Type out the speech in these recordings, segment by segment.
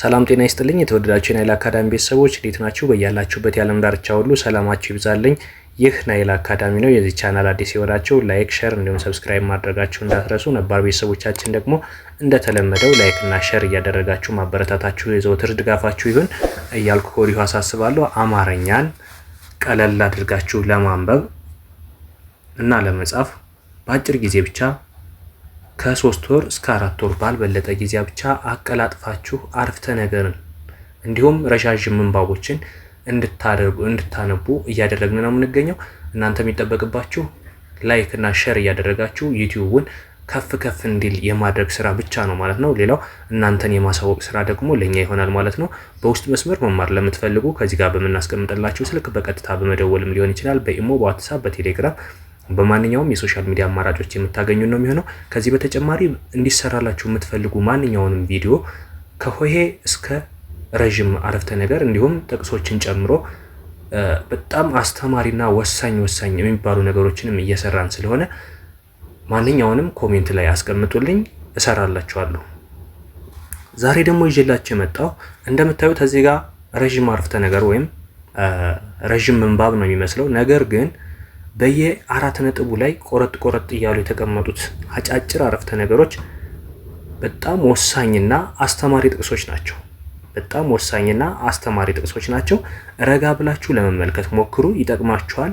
ሰላም ጤና ይስጥልኝ። የተወደዳችሁ የናይል አካዳሚ ቤተሰቦች እንዴት ናችሁ? በያላችሁበት የዓለም ዳርቻ ሁሉ ሰላማችሁ ይብዛልኝ። ይህ ናይል አካዳሚ ነው። የዚህ ቻናል አዲስ የሆናችሁ ላይክ፣ ሸር እንዲሁም ሰብስክራይብ ማድረጋችሁ እንዳትረሱ። ነባር ቤተሰቦቻችን ደግሞ እንደተለመደው ላይክና ሸር እያደረጋችሁ ማበረታታችሁ የዘወትር ድጋፋችሁ ይሁን እያልኩ ከወዲሁ አሳስባለሁ። አማርኛን ቀለል አድርጋችሁ ለማንበብ እና ለመጻፍ በአጭር ጊዜ ብቻ ከሶስት ወር እስከ አራት ወር ባልበለጠ ጊዜ ብቻ አቀላጥፋችሁ አርፍተ ነገርን እንዲሁም ረዣዥም ምንባቦችን እንድታደርጉ እንድታነቡ እያደረግን ነው የምንገኘው። እናንተ የሚጠበቅባችሁ ላይክ እና ሸር እያደረጋችሁ ዩቲዩቡን ከፍ ከፍ እንዲል የማድረግ ስራ ብቻ ነው ማለት ነው። ሌላው እናንተን የማሳወቅ ስራ ደግሞ ለእኛ ይሆናል ማለት ነው። በውስጥ መስመር መማር ለምትፈልጉ ከዚህ ጋር በምናስቀምጥላችሁ ስልክ በቀጥታ በመደወልም ሊሆን ይችላል። በኢሞ፣ በዋትሳፕ፣ በቴሌግራም በማንኛውም የሶሻል ሚዲያ አማራጮች የምታገኙ ነው የሚሆነው። ከዚህ በተጨማሪ እንዲሰራላችሁ የምትፈልጉ ማንኛውንም ቪዲዮ ከሆሄ እስከ ረዥም አረፍተ ነገር እንዲሁም ጥቅሶችን ጨምሮ በጣም አስተማሪና ወሳኝ ወሳኝ የሚባሉ ነገሮችንም እየሰራን ስለሆነ ማንኛውንም ኮሜንት ላይ አስቀምጡልኝ፣ እሰራላችኋለሁ። ዛሬ ደግሞ ይዤላችሁ የመጣው እንደምታዩት እዚህ ጋር ረዥም አረፍተ ነገር ወይም ረዥም ምንባብ ነው የሚመስለው ነገር ግን በየአራት ነጥቡ ላይ ቆረጥ ቆረጥ እያሉ የተቀመጡት አጫጭር አረፍተ ነገሮች በጣም ወሳኝና አስተማሪ ጥቅሶች ናቸው። በጣም ወሳኝና አስተማሪ ጥቅሶች ናቸው። ረጋ ብላችሁ ለመመልከት ሞክሩ። ይጠቅማችኋል።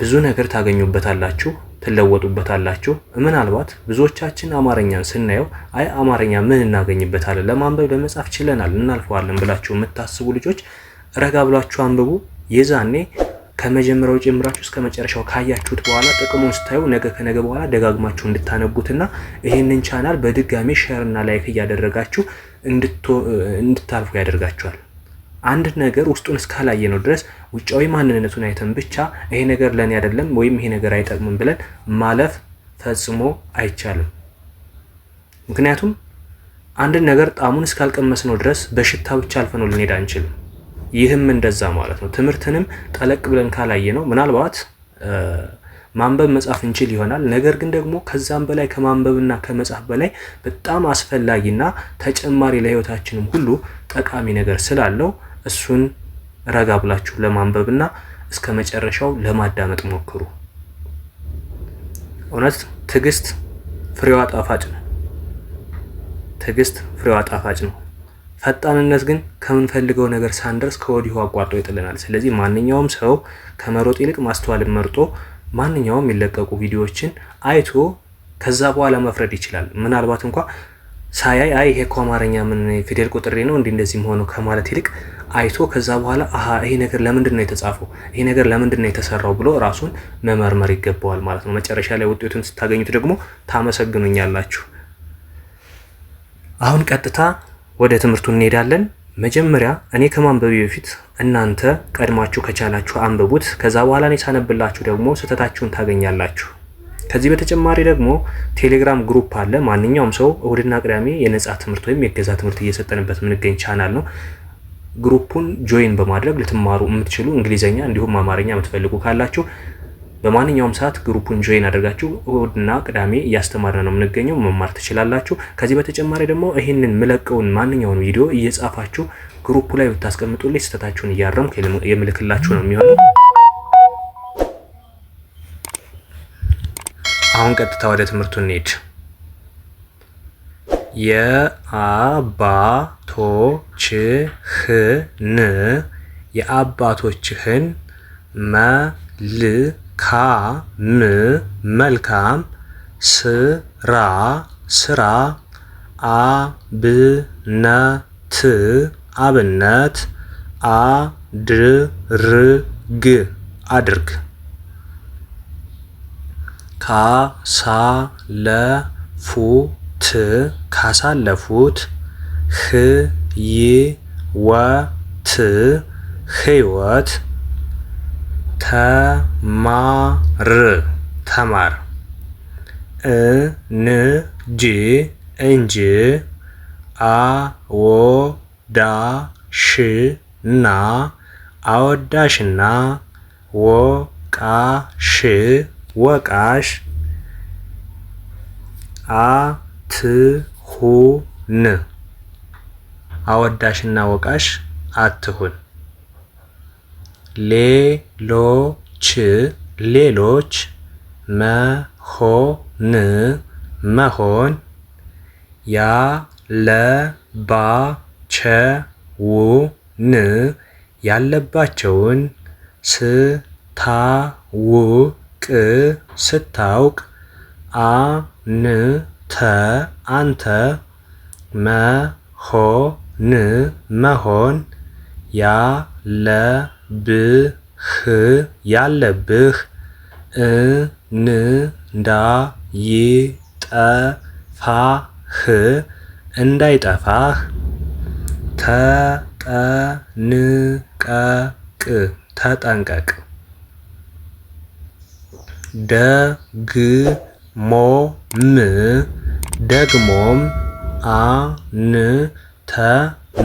ብዙ ነገር ታገኙበታላችሁ፣ ትለወጡበታላችሁ። ምናልባት ብዙዎቻችን አማርኛን ስናየው አይ አማርኛ ምን እናገኝበታለን፣ ለማንበብ ለመጻፍ ችለናል፣ እናልፈዋለን ብላችሁ የምታስቡ ልጆች ረጋ ብላችሁ አንብቡ። የዛኔ ከመጀመሪያው ጀምራችሁ እስከ መጨረሻው ካያችሁት በኋላ ጥቅሙን ስታዩ ነገ ከነገ በኋላ ደጋግማችሁ እንድታነቡትና ይህንን ቻናል በድጋሚ ሼርና ላይክ እያደረጋችሁ እንድታልፉ ያደርጋችኋል። አንድ ነገር ውስጡን እስካላየ ነው ድረስ ውጫዊ ማንነቱን አይተን ብቻ ይሄ ነገር ለእኔ አይደለም ወይም ይሄ ነገር አይጠቅምም ብለን ማለፍ ፈጽሞ አይቻልም። ምክንያቱም አንድን ነገር ጣዕሙን እስካልቀመስ ነው ድረስ በሽታ ብቻ አልፈነው ልንሄድ አንችልም። ይህም እንደዛ ማለት ነው። ትምህርትንም ጠለቅ ብለን ካላየ ነው ምናልባት ማንበብ መጻፍ እንችል ይሆናል። ነገር ግን ደግሞ ከዛም በላይ ከማንበብና ከመጻፍ በላይ በጣም አስፈላጊና ተጨማሪ ለህይወታችንም ሁሉ ጠቃሚ ነገር ስላለው እሱን ረጋ ብላችሁ ለማንበብና እስከ መጨረሻው ለማዳመጥ ሞክሩ። እውነት ትዕግስት ፍሬዋ ጣፋጭ ነው። ትዕግስት ፍሬዋ ጣፋጭ ነው። ፈጣንነት ግን ከምንፈልገው ነገር ሳንደርስ ከወዲሁ አቋርጦ ይጥልናል። ስለዚህ ማንኛውም ሰው ከመሮጥ ይልቅ ማስተዋልን መርጦ ማንኛውም የሚለቀቁ ቪዲዮዎችን አይቶ ከዛ በኋላ መፍረድ ይችላል። ምናልባት እንኳ ሳያይ አይ ይሄ እኮ አማርኛ ምን ፊደል ቁጥሬ ነው እንዲ እንደዚህም ሆነው ከማለት ይልቅ አይቶ ከዛ በኋላ አሀ ይሄ ነገር ለምንድን ነው የተጻፈው፣ ይሄ ነገር ለምንድን ነው የተሰራው ብሎ ራሱን መመርመር ይገባዋል ማለት ነው። መጨረሻ ላይ ውጤቱን ስታገኙት ደግሞ ታመሰግኑኛላችሁ። አሁን ቀጥታ ወደ ትምህርቱ እንሄዳለን። መጀመሪያ እኔ ከማንበቤ በፊት እናንተ ቀድማችሁ ከቻላችሁ አንብቡት። ከዛ በኋላ እኔ ሳነብላችሁ ደግሞ ስህተታችሁን ታገኛላችሁ። ከዚህ በተጨማሪ ደግሞ ቴሌግራም ግሩፕ አለ። ማንኛውም ሰው እሁድና ቅዳሜ የነጻ ትምህርት ወይም የገዛ ትምህርት እየሰጠንበት የምንገኝ ቻናል ነው። ግሩፑን ጆይን በማድረግ ልትማሩ የምትችሉ እንግሊዝኛ እንዲሁም አማርኛ የምትፈልጉ ካላችሁ በማንኛውም ሰዓት ግሩፑን ጆይን አድርጋችሁ እሁድና ቅዳሜ እያስተማርን ነው የምንገኘው፣ መማር ትችላላችሁ። ከዚህ በተጨማሪ ደግሞ ይህንን ምለቀውን ማንኛውን ቪዲዮ እየጻፋችሁ ግሩፑ ላይ ብታስቀምጡልኝ ስህተታችሁን እያረምኩ የምልክላችሁ ነው የሚሆነው። አሁን ቀጥታ ወደ ትምህርቱ እንሄድ። የአባቶችህን የአባቶችህን መልክ ካ ም መልካም ስራ ስራ አብነት አብነት አድርግ አድርግ ካሳለፉት ካሳለፉት ህይወት ህይወት ተማር ተማር እንጂ እንጂ አወዳሽና አወዳሽና ወቃሽ ወቃሽ አትሁን አወዳሽና ወቃሽ አትሁን ሌሎች ሌሎች መሆን መሆን ያለባቸውን ያለባቸውን ስታውቅ ስታውቅ አንተ አንተ መሆን መሆን ያለ ብህ ያለብህ እንዳይጠፋህ እንዳይጠፋህ ተጠንቀቅ ተጠንቀቅ ደግሞም ደግሞም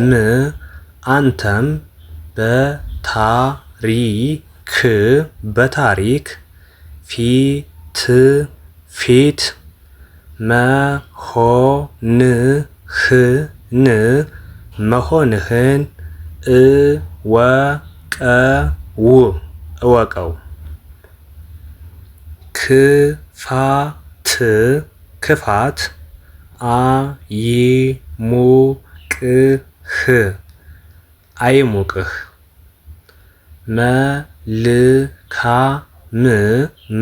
ም አንተም በ ታሪክ በታሪክ ፊት ፊት መሆንህን መሆንህን እወቀው እወቀው ክፋት ክፋት አይሙቅህ አይሙቅህ መልካም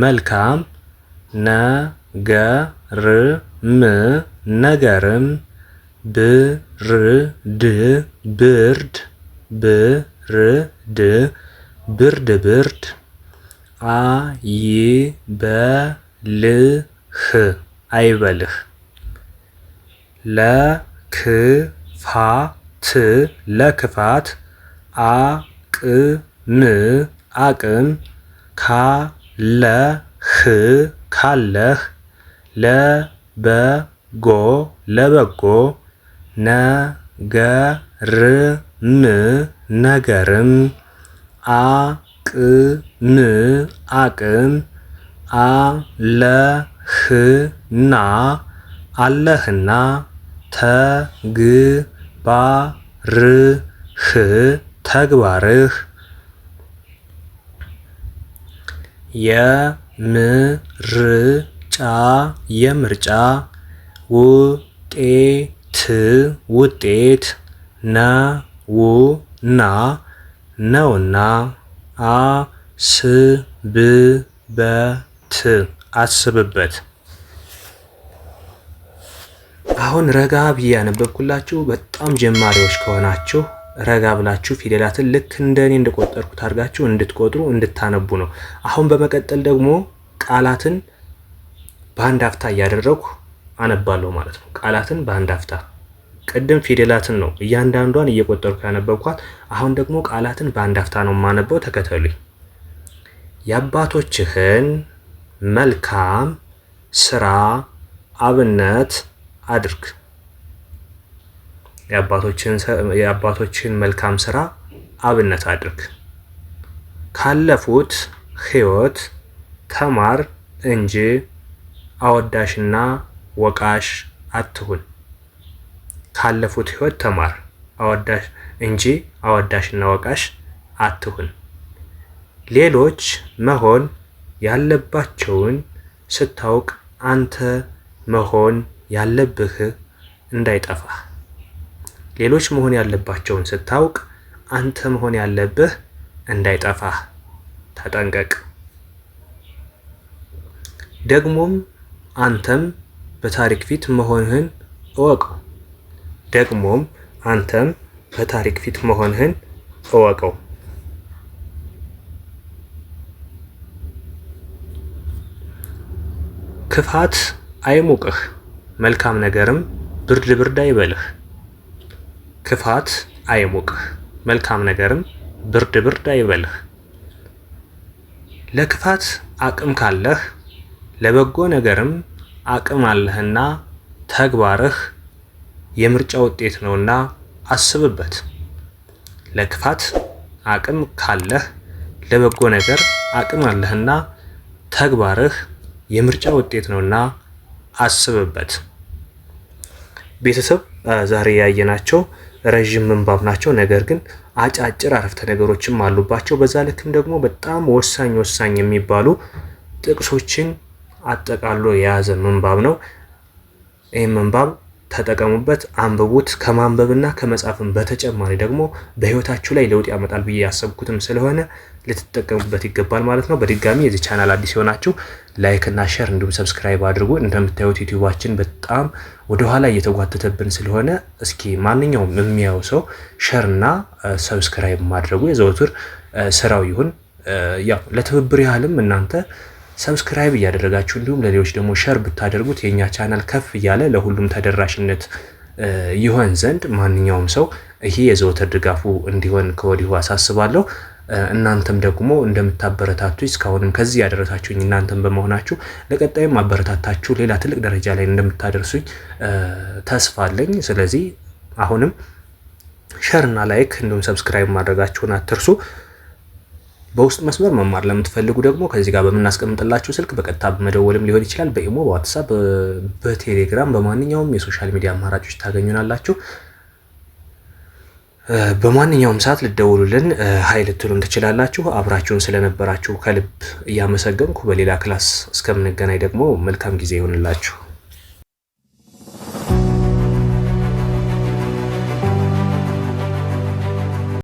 መልካም ነገርም ነገርም ብርድ ብርድ ብርድ ብርድ ብርድ አይበልህ አይበልህ ለክፋት ለክፋት አቅ ም አቅም ካለህ ካለህ ለበጎ ለበጎ ነገርም ነገርም አቅም አቅም አለህና አለህና ተግባርህ ተግባርህ የምርጫ የምርጫ ውጤት ውጤት ነውና ነውና አስብበት አስብበት። አሁን ረጋ ብዬ ያነበብኩላችሁ በጣም ጀማሪዎች ከሆናችሁ ረጋ ብላችሁ ፊደላትን ልክ እንደ እኔ እንደቆጠርኩት አድርጋችሁ እንድትቆጥሩ እንድታነቡ ነው። አሁን በመቀጠል ደግሞ ቃላትን በአንድ አፍታ እያደረግኩ አነባለሁ ማለት ነው። ቃላትን በአንድ አፍታ ቅድም ፊደላትን ነው እያንዳንዷን እየቆጠርኩ ያነበብኳት። አሁን ደግሞ ቃላትን በአንድ አፍታ ነው የማነበው። ተከተሉኝ። የአባቶችህን መልካም ስራ አብነት አድርግ የአባቶችን መልካም ስራ አብነት አድርግ። ካለፉት ህይወት ተማር እንጂ አወዳሽና ወቃሽ አትሁን። ካለፉት ህይወት ተማር አወዳሽ እንጂ አወዳሽና ወቃሽ አትሁን። ሌሎች መሆን ያለባቸውን ስታውቅ አንተ መሆን ያለብህ እንዳይጠፋህ ሌሎች መሆን ያለባቸውን ስታውቅ አንተ መሆን ያለብህ እንዳይጠፋህ ተጠንቀቅ። ደግሞም አንተም በታሪክ ፊት መሆንህን እወቀው። ደግሞም አንተም በታሪክ ፊት መሆንህን እወቀው። ክፋት አይሙቅህ፣ መልካም ነገርም ብርድ ብርድ አይበልህ። ክፋት አይሙቅህ፣ መልካም ነገርም ብርድ ብርድ አይበልህ። ለክፋት አቅም ካለህ ለበጎ ነገርም አቅም አለህና ተግባርህ የምርጫ ውጤት ነውና አስብበት። ለክፋት አቅም ካለህ ለበጎ ነገር አቅም አለህና ተግባርህ የምርጫ ውጤት ነውና አስብበት። ቤተሰብ ዛሬ ያየናቸው ረዥም ምንባብ ናቸው። ነገር ግን አጫጭር አረፍተ ነገሮችም አሉባቸው። በዛ ልክም ደግሞ በጣም ወሳኝ ወሳኝ የሚባሉ ጥቅሶችን አጠቃሎ የያዘ ምንባብ ነው። ይህ ምንባብ ተጠቀሙበት፣ አንብቡት። ከማንበብና ከመጻፍም በተጨማሪ ደግሞ በህይወታችሁ ላይ ለውጥ ያመጣል ብዬ ያሰብኩትም ስለሆነ ልትጠቀሙበት ይገባል ማለት ነው። በድጋሚ የዚህ ቻናል አዲስ የሆናችሁ ላይክ እና ሸር እንዲሁም ሰብስክራይብ አድርጉ። እንደምታዩት ዩቲዩባችን በጣም ወደኋላ እየተጓተተብን ስለሆነ እስኪ ማንኛውም የሚያየው ሰው ሸር እና ሰብስክራይብ ማድረጉ የዘወትር ስራው ይሁን። ያው ለትብብር ያህልም እናንተ ሰብስክራይብ እያደረጋችሁ እንዲሁም ለሌሎች ደግሞ ሸር ብታደርጉት የእኛ ቻናል ከፍ እያለ ለሁሉም ተደራሽነት ይሆን ዘንድ ማንኛውም ሰው ይሄ የዘወትር ድጋፉ እንዲሆን ከወዲሁ አሳስባለሁ። እናንተም ደግሞ እንደምታበረታቱ እስካሁንም ከዚህ ያደረሳችሁኝ እናንተም በመሆናችሁ ለቀጣይም አበረታታችሁ ሌላ ትልቅ ደረጃ ላይ እንደምታደርሱኝ ተስፋ አለኝ። ስለዚህ አሁንም ሸርና ላይክ እንዲሁም ሰብስክራይብ ማድረጋችሁን አትርሱ። በውስጥ መስመር መማር ለምትፈልጉ ደግሞ ከዚህ ጋር በምናስቀምጥላችሁ ስልክ በቀጥታ በመደወልም ሊሆን ይችላል። በኢሞ፣ በዋትሳፕ፣ በቴሌግራም በማንኛውም የሶሻል ሚዲያ አማራጮች ታገኙናላችሁ። በማንኛውም ሰዓት ልደውሉልን ሀይ ልትሉን ትችላላችሁ። አብራችሁን ስለነበራችሁ ከልብ እያመሰገንኩ በሌላ ክላስ እስከምንገናኝ ደግሞ መልካም ጊዜ ይሆንላችሁ።